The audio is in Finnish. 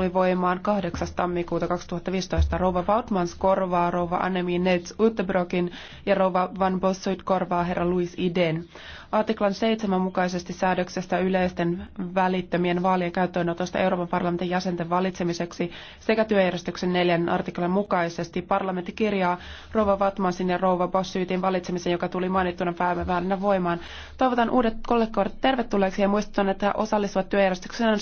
astui voimaan 8. tammikuuta 2015. Rouva Vautmans korvaa rouva Annemi Nets Uttebrokin ja rouva Van Bossuit korvaa herra Louis Iden. Artiklan 7 mukaisesti säädöksestä yleisten välittömien vaalien käyttöönotosta Euroopan parlamentin jäsenten valitsemiseksi sekä työjärjestyksen 4 artiklan mukaisesti parlamentti kirjaa rouva Vatmansin ja rouva Bossuitin valitsemisen, joka tuli mainittuna päivänä voimaan. Toivotan uudet kollegat tervetulleeksi ja muistutan, että he osallistuvat työjärjestyksen